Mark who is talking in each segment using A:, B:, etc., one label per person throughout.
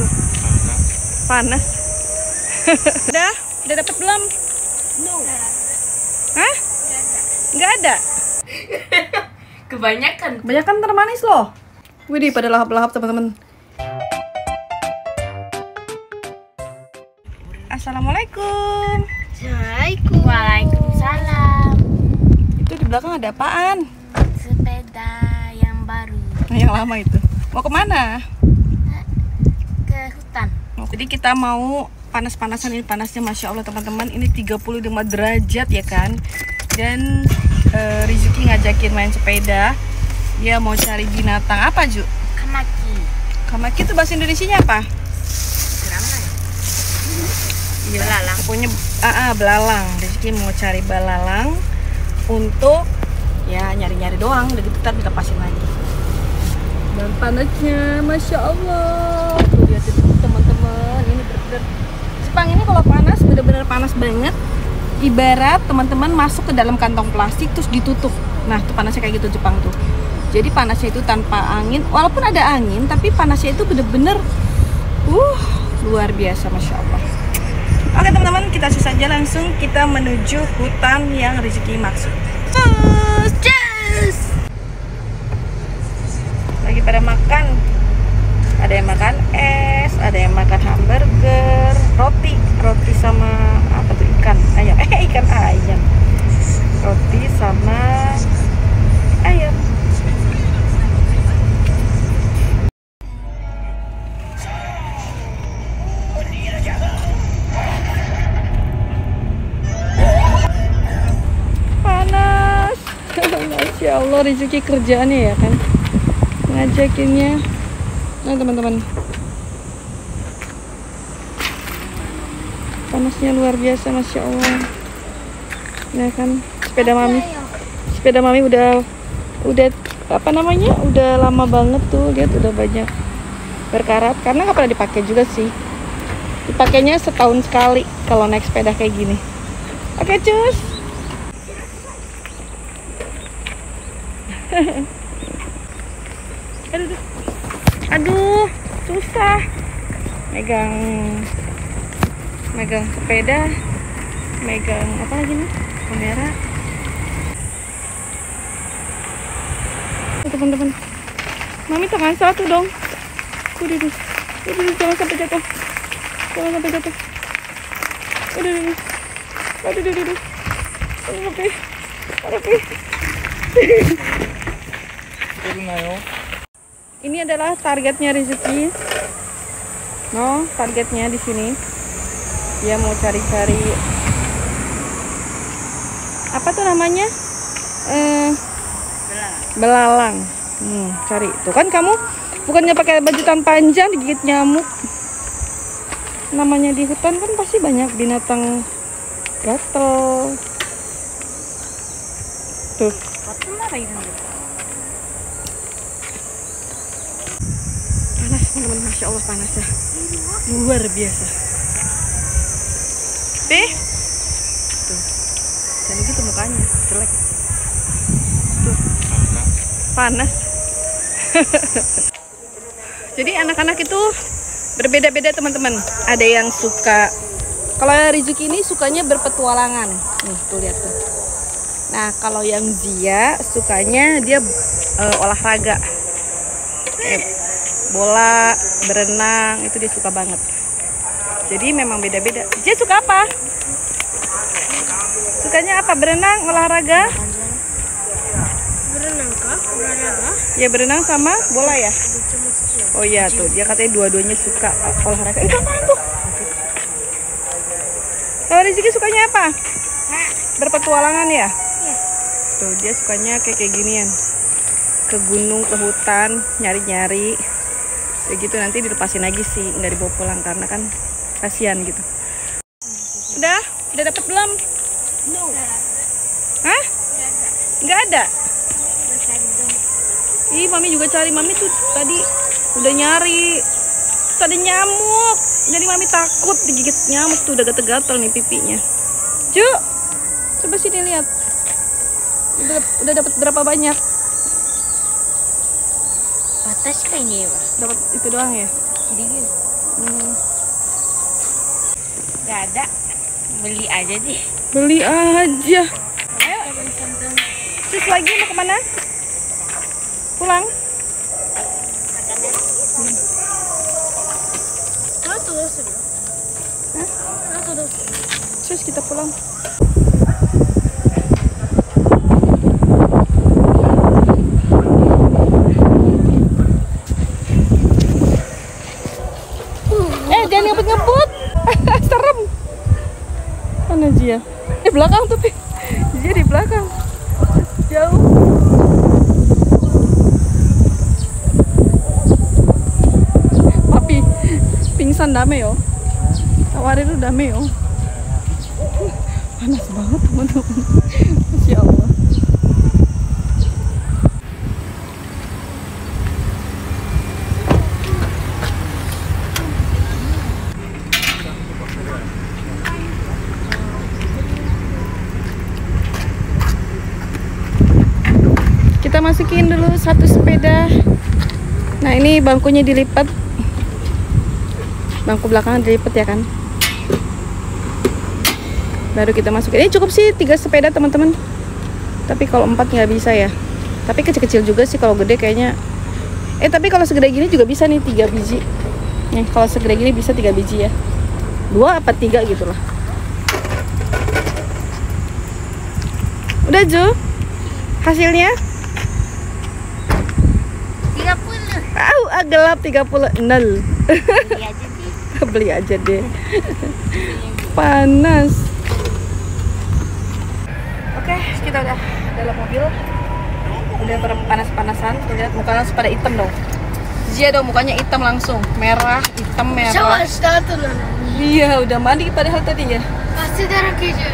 A: itu panas panas udah udah dapet belum no hah nggak ada kebanyakan kebanyakan termanis loh Widih pada lahap-lahap teman-teman Assalamualaikum Assalamualaikum Waalaikumsalam Itu di belakang ada apaan? Sepeda yang baru yang lama itu Mau kemana? jadi kita mau panas-panasan ini panasnya Masya Allah teman-teman ini 35 derajat ya kan dan e, eh, Rizuki ngajakin main sepeda dia mau cari binatang apa Ju? Kamaki Kamaki itu bahasa Indonesia nya apa? Belalang ya, belalang punya ah, ah, belalang Rizky mau cari belalang untuk ya nyari-nyari doang udah gitu kita dilepasin lagi dan panasnya Masya Allah tuh Jepang ini kalau panas bener-bener panas banget ibarat teman-teman masuk ke dalam kantong plastik terus ditutup nah itu panasnya kayak gitu Jepang tuh jadi panasnya itu tanpa angin walaupun ada angin tapi panasnya itu bener-bener uh luar biasa Masya Allah oke teman-teman kita sisa aja langsung kita menuju hutan yang rezeki maksud cheers, cheers! lagi pada makan ada yang makan es ada yang makan hamburger roti roti sama apa tuh ikan ayam eh ikan ayam roti sama ayam Masya Allah rezeki kerjaannya ya kan ngajakinnya Nah teman-teman Panasnya luar biasa Masya Allah Ya kan sepeda mami iya, iya. Sepeda mami udah Udah apa namanya Udah lama banget tuh Lihat udah banyak berkarat Karena gak pernah dipakai juga sih Dipakainya setahun sekali Kalau naik sepeda kayak gini Oke cus Aduh, aduh aduh susah megang megang sepeda megang apa lagi nih kamera teman-teman mami tangan satu dong udah udah jangan sampai jatuh jangan sampai jatuh udah dulu udah dulu udah sampai udah sampai ini adalah targetnya rezeki no targetnya di sini dia mau cari-cari apa tuh namanya eh, belalang, belalang. Hmm, cari itu kan kamu bukannya pakai baju tan panjang digigit nyamuk namanya di hutan kan pasti banyak binatang gatel tuh teman-teman Masya Allah panasnya luar biasa B tuh dan gitu mukanya jelek tuh panas jadi anak-anak itu berbeda-beda teman-teman ada yang suka kalau Rizuki ini sukanya berpetualangan nih tuh lihat tuh nah kalau yang Zia sukanya dia uh, olahraga eh, bola, berenang, itu dia suka banget. Jadi memang beda-beda. Dia suka apa? Sukanya apa? Berenang, olahraga? Berenang kah? Olahraga? Ya berenang sama bola ya? Oh iya tuh, dia katanya dua-duanya suka olahraga. Itu apa tuh? Kalau Rizky sukanya apa? Berpetualangan ya? Iya. Tuh, dia sukanya kayak kayak ginian. Ke gunung, ke hutan, nyari-nyari ya gitu nanti dilepasin lagi sih nggak dibawa pulang karena kan kasihan gitu udah udah dapet belum no hah nggak ada ih mami juga cari mami tuh tadi udah nyari tuh ada nyamuk jadi mami takut digigit nyamuk tuh udah gatel-gatel nih pipinya Cuk. coba sini lihat udah, udah dapat berapa banyak dapat itu doang ya sedikit hmm. nggak ada beli aja deh beli aja ayo sis lagi mau kemana pulang Terus kita pulang. di belakang tuh dia iya, di belakang jauh papi pingsan dame yo tawarin lu dame yo panas banget teman-teman masya Allah satu sepeda nah ini bangkunya dilipat bangku belakang dilipat ya kan baru kita masuk ini cukup sih tiga sepeda teman-teman tapi kalau empat nggak bisa ya tapi kecil-kecil juga sih kalau gede kayaknya eh tapi kalau segede gini juga bisa nih tiga biji nih eh, kalau segede gini bisa tiga biji ya dua apa tiga gitulah udah Jo hasilnya 30. Au, ah, gelap 30 nol. Beli aja deh. Beli aja deh. Panas. Oke, okay, kita udah dalam mobil. Udah panas-panasan, tuh lihat muka langsung pada hitam dong. Zia dong mukanya hitam langsung, merah, hitam merah. Iya, udah mandi padahal tadi ya. Pasti darah keju.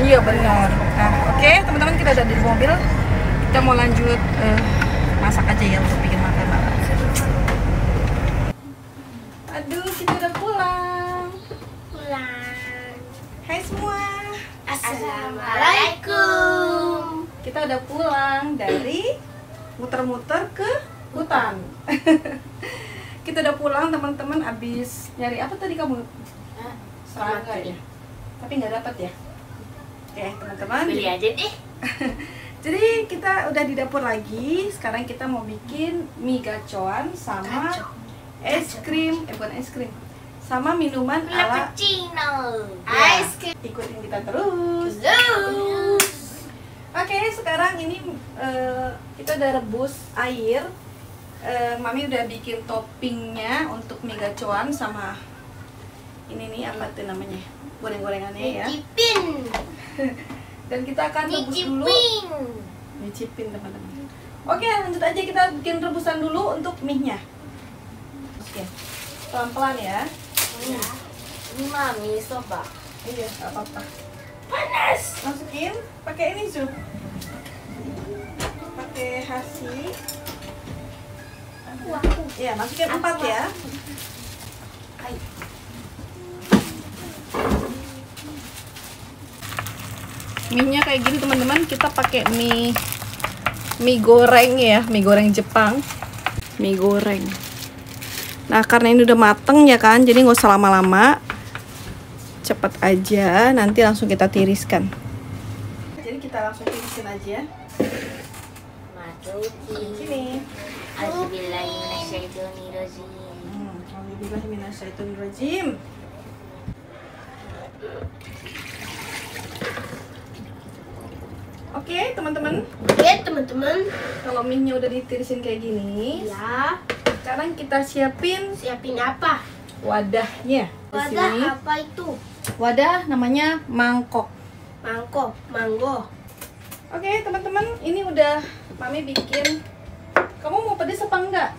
A: Iya benar. Nah, oke okay, teman-teman kita udah di mobil. Kita mau lanjut uh, masak aja ya untuk bikin masak. kita udah pulang dari muter-muter ke hutan kita udah pulang teman-teman abis nyari apa tadi kamu nah,
B: serangga ya
A: tapi nggak dapat ya oke teman-teman beli aja deh jadi kita udah di dapur lagi sekarang kita mau bikin mie gacoan sama es krim eh bukan es krim sama minuman ala cappuccino ya. ice cream ya, ikutin kita terus Hello. Oke, okay, sekarang ini uh, kita udah rebus air. Uh, Mami udah bikin toppingnya untuk mie gacuan sama ini nih apa tuh namanya goreng-gorengannya ya. Cipin. Dan kita akan rebus Cipin. dulu. nicipin teman-teman. Oke, okay, lanjut aja kita bikin rebusan dulu untuk mie-nya. Oke, okay. pelan-pelan ya. Ini, iya. ini mami soba. Iya, apa-apa panas masukin pakai ini Zul pakai hasi Aku. ya masukin aku, empat ya. aku. ya Hai. mie nya kayak gini teman-teman kita pakai mie mie goreng ya mie goreng Jepang mie goreng nah karena ini udah mateng ya kan jadi nggak usah lama-lama cepat aja nanti langsung kita tiriskan jadi kita langsung tiriskan aja sini Alhamdulillahirrahmanirrahim Oke okay, teman-teman Oke iya, okay, teman-teman Kalau minyak udah ditirisin kayak gini Ya Sekarang kita siapin Siapin apa? Wadahnya Wadah apa itu? wadah namanya mangkok mangkok manggo oke okay, teman-teman ini udah mami bikin kamu mau pedes apa enggak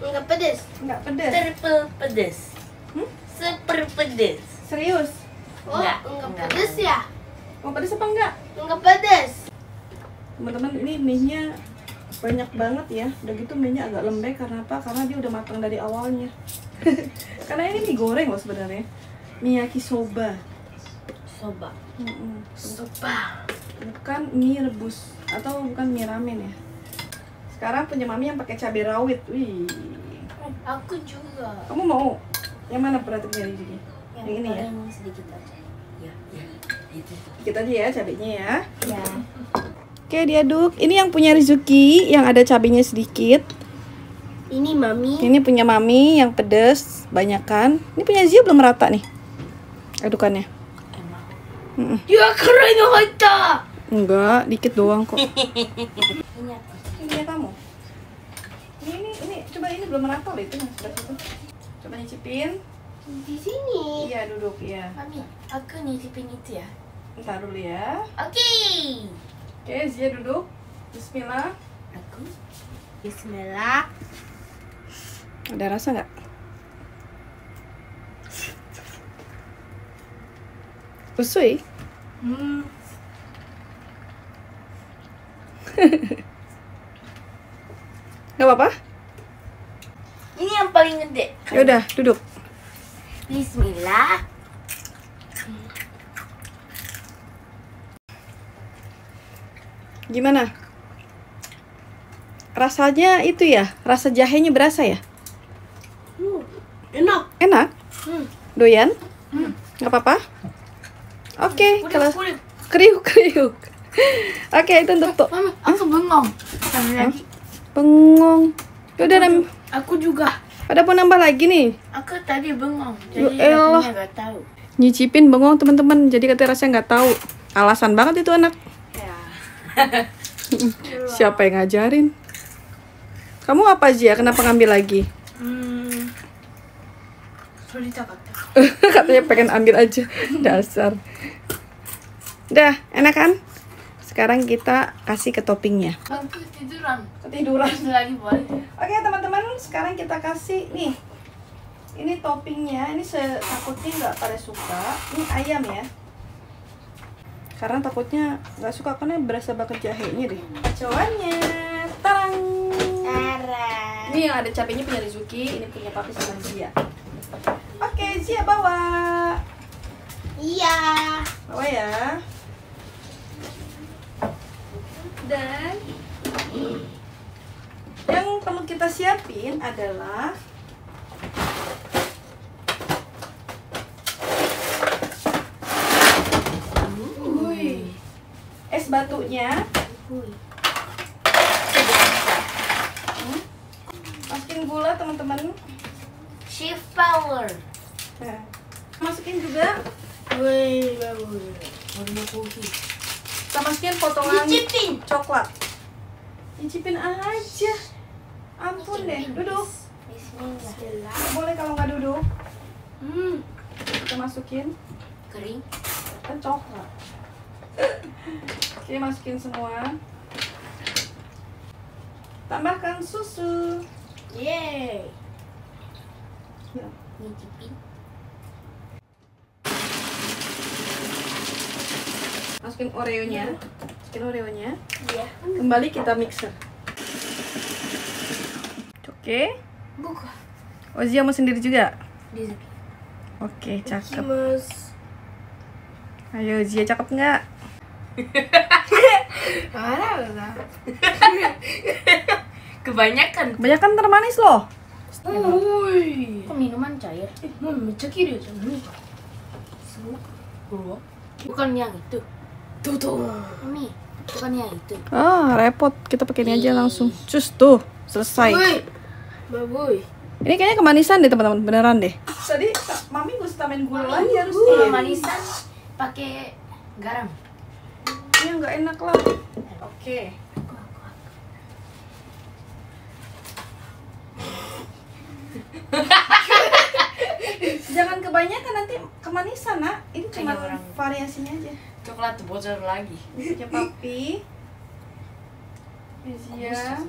A: enggak pedes enggak pedes triple pedes hmm? super pedes serius oh enggak, enggak, pedes ya mau pedes apa enggak enggak pedes teman-teman ini mie-nya banyak banget ya udah gitu mie-nya agak lembek karena apa karena dia udah matang dari awalnya karena ini mie goreng loh sebenarnya miyaki soba soba mm -mm. soba bukan mie rebus atau bukan mie ramen ya sekarang punya mami yang pakai cabai rawit wih aku juga kamu mau yang mana berarti dari ini yang, yang ini ya sedikit aja ya, ya. aja ya cabainya ya ya Oke diaduk. Ini yang punya Rizuki yang ada cabenya sedikit. Ini mami. Ini punya mami yang pedes, banyakkan. Ini punya Zia belum rata nih. Adukannya. Emang. Ya keren kita. Enggak, dikit doang kok. ini Ini kamu. Ini, ini, ini, coba ini belum merata loh itu yang sebelah situ. Coba nyicipin. Di sini. Iya, duduk ya. Mami, aku nyicipin itu ya. Ntar dulu ya. Oke. Okay. Oke, okay, Zia duduk. Bismillah. Aku. Bismillah. Ada rasa nggak? 嘘いうん hmm. Gak apa-apa? Ini yang paling gede Ya udah, duduk Bismillah Gimana? Rasanya itu ya? Rasa jahenya berasa ya? Hmm, enak Enak? Hmm. Doyan? Hmm. Gak apa-apa? Oke, okay, kalau kriuk kriuk. Oke, itu untuk tuh. aku bengong. lagi. Bengong. Ya udah aku, aku juga. Ada pun nambah lagi nih. Aku tadi bengong. Ya jadi Yoeloh. rasanya nggak tahu. Nyicipin bengong teman-teman. Jadi katanya rasanya nggak tahu. Alasan banget itu anak. Ya. Siapa yang ngajarin? Kamu apa aja? Kenapa ngambil lagi? Hmm, Katanya pengen ambil aja dasar. Udah, enak kan? Sekarang kita kasih ke toppingnya. Ketiduran. Ketiduran. Lagi Oke, teman-teman, sekarang kita kasih nih. Ini toppingnya, ini takutnya nggak pada suka. Ini ayam ya. Karena takutnya nggak suka karena berasa bakar jahenya deh. Kacauannya, terang. Tarang. Ini yang ada cabenya punya Rizuki, ini punya papi sama Zia. Oke, Zia bawa. Iya. Bawa ya dan yang perlu kita siapin adalah es batunya hmm? masukin gula teman-teman shift power nah, masukin juga Wey, bagus. Warna kopi sama masukin potongan Icipin. coklat Icipin aja ampun deh duduk Bismillah boleh kalau nggak duduk hmm. kita masukin kering kan coklat oke masukin semua tambahkan susu yeay ya. nyicipin masukin oreonya masukin oreonya iya. kembali kita mixer oke okay. buka Ozia mau sendiri juga oke okay, cakep ayo Ozia cakep nggak kebanyakan kebanyakan termanis loh Uy. Iya, Kok minuman cair? Eh, mau mencekir ya, Bukan yang itu. Tuh tuh. Mami, bukannya ya itu. Ah, repot. Kita pakai ini aja langsung. Cus tuh, selesai. Babuy. Ini kayaknya kemanisan deh teman-teman, beneran deh. Tadi mami gue setamin gula lagi harusnya. Kemanisan pakai garam. Ini iya, nggak enak lah. Oke. Okay. Jangan kebanyakan nanti kemanisan nak. Ini cuma variasinya aja coklat bocor lagi iya ya papi Rizia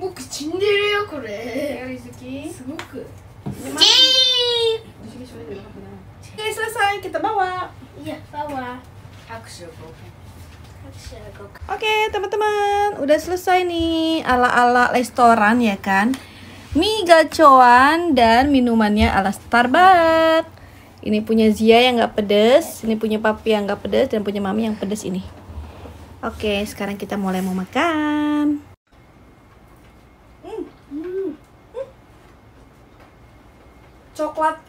A: mau kecil ya kore ya Rizuki Oke selesai kita bawa iya bawa aku suka Oke okay, teman-teman udah selesai nih ala-ala restoran ya kan mie gacoan dan minumannya ala Starbucks ini punya Zia yang gak pedes ini punya papi yang gak pedes dan punya mami yang pedes ini oke sekarang kita mulai mau makan hmm, hmm, hmm. coklat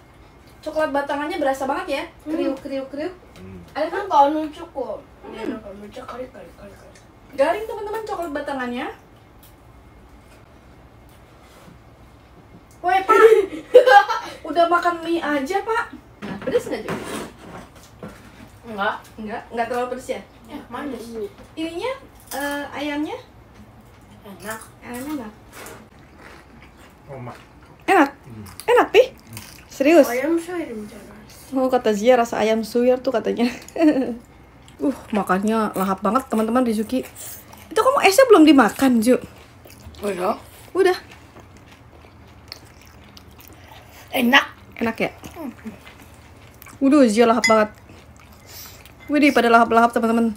A: coklat batangannya berasa banget ya kriuk kriuk kriuk ada kan kalau cukup iya, garing teman-teman coklat batangannya Woi pak, udah makan mie aja pak pedes nggak cuy enggak enggak enggak terlalu pedes ya ya manis ininya uh, ayamnya enak ayamnya enak enak oh, enak hmm. enak pi hmm. serius ayam suwir oh kata Zia rasa ayam suwir tuh katanya uh makannya lahap banget teman-teman Rizuki itu kamu esnya belum dimakan Ju udah oh, iya? udah enak enak ya hmm. Waduh, dia lahap banget. wih pada lahap-lahap teman-teman.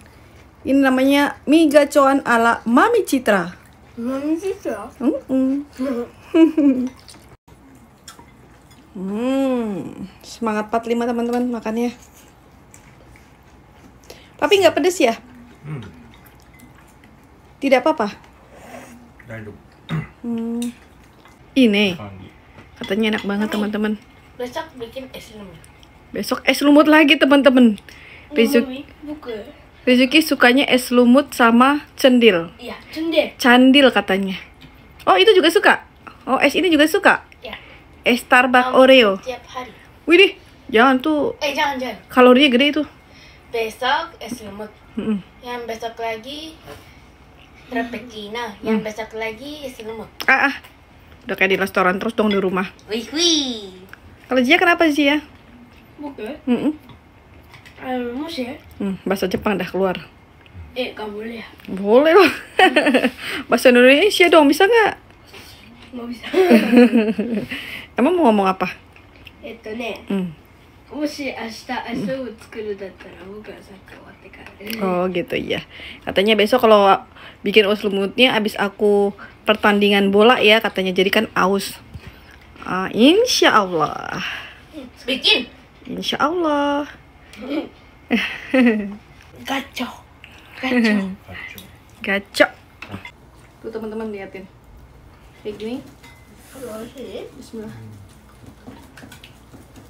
A: Ini namanya mie gacoan ala Mami Citra. Mami Citra? Mm -mm. hmm, semangat 45 teman-teman makannya. Tapi nggak pedes ya? Hmm. Tidak apa-apa? Hmm. Ini katanya enak banget teman-teman. Besok bikin es lemon. Besok es lumut lagi teman-teman. Rizuki iya, Bezuki sukanya es lumut sama cendil. Iya, cendil. Candil katanya. Oh itu juga suka. Oh es ini juga suka. Iya. Es Starbucks um, Oreo. Tiap hari. jangan tuh. Eh jangan jangan. Kalorinya gede itu. Besok es lumut. Mm -mm. Yang besok lagi mm-hmm. Yang besok lagi es lumut. Ah, ah. Udah kayak di restoran terus dong di rumah. Wih wih. Kalau Zia kenapa Zia? Bukan. Mm -mm. Eh, ya? Hmm, bahasa Jepang dah keluar. Eh, gak boleh ya? Boleh bahasa Indonesia dong, bisa nggak? Nggak bisa. Emang mau ngomong apa? Itu nih. Hmm. もし明日明日を作るだったら僕はサッカー終わってから ya, Oh gitu ya Katanya besok kalau bikin aus lumutnya abis aku pertandingan bola ya katanya Jadi kan aus uh, Insya Allah Bikin Insya Allah. Gacok. Gacok. Gacok. Tuh teman-teman liatin. Kayak gini. Bismillah.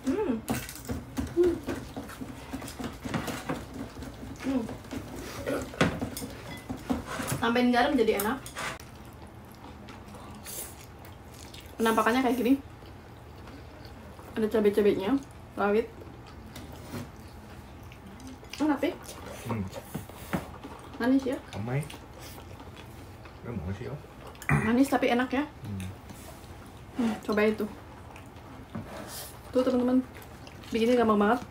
A: Hmm. Hmm. Hmm. Tambahin garam jadi enak. Penampakannya kayak gini. Ada cabai-cabainya rawit enak sih hmm. manis ya amai sih ya? manis tapi enak ya hmm. Hmm, coba itu tuh teman-teman bikinnya gampang banget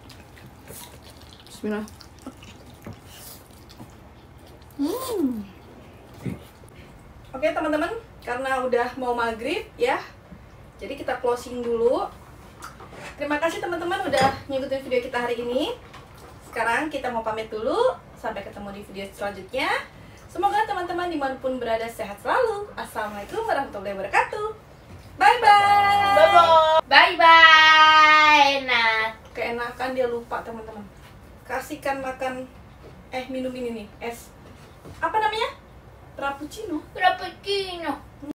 A: Bismillah hmm. oke teman-teman karena udah mau maghrib ya jadi kita closing dulu Terima kasih teman-teman udah ngikutin video kita hari ini. Sekarang kita mau pamit dulu. Sampai ketemu di video selanjutnya. Semoga teman-teman dimanapun berada sehat selalu. Assalamualaikum warahmatullahi wabarakatuh. Bye bye. Bye bye. Bye bye. Enak. Keenakan dia lupa teman-teman. Kasihkan makan eh minum ini nih es. Apa namanya? Frappuccino. Frappuccino.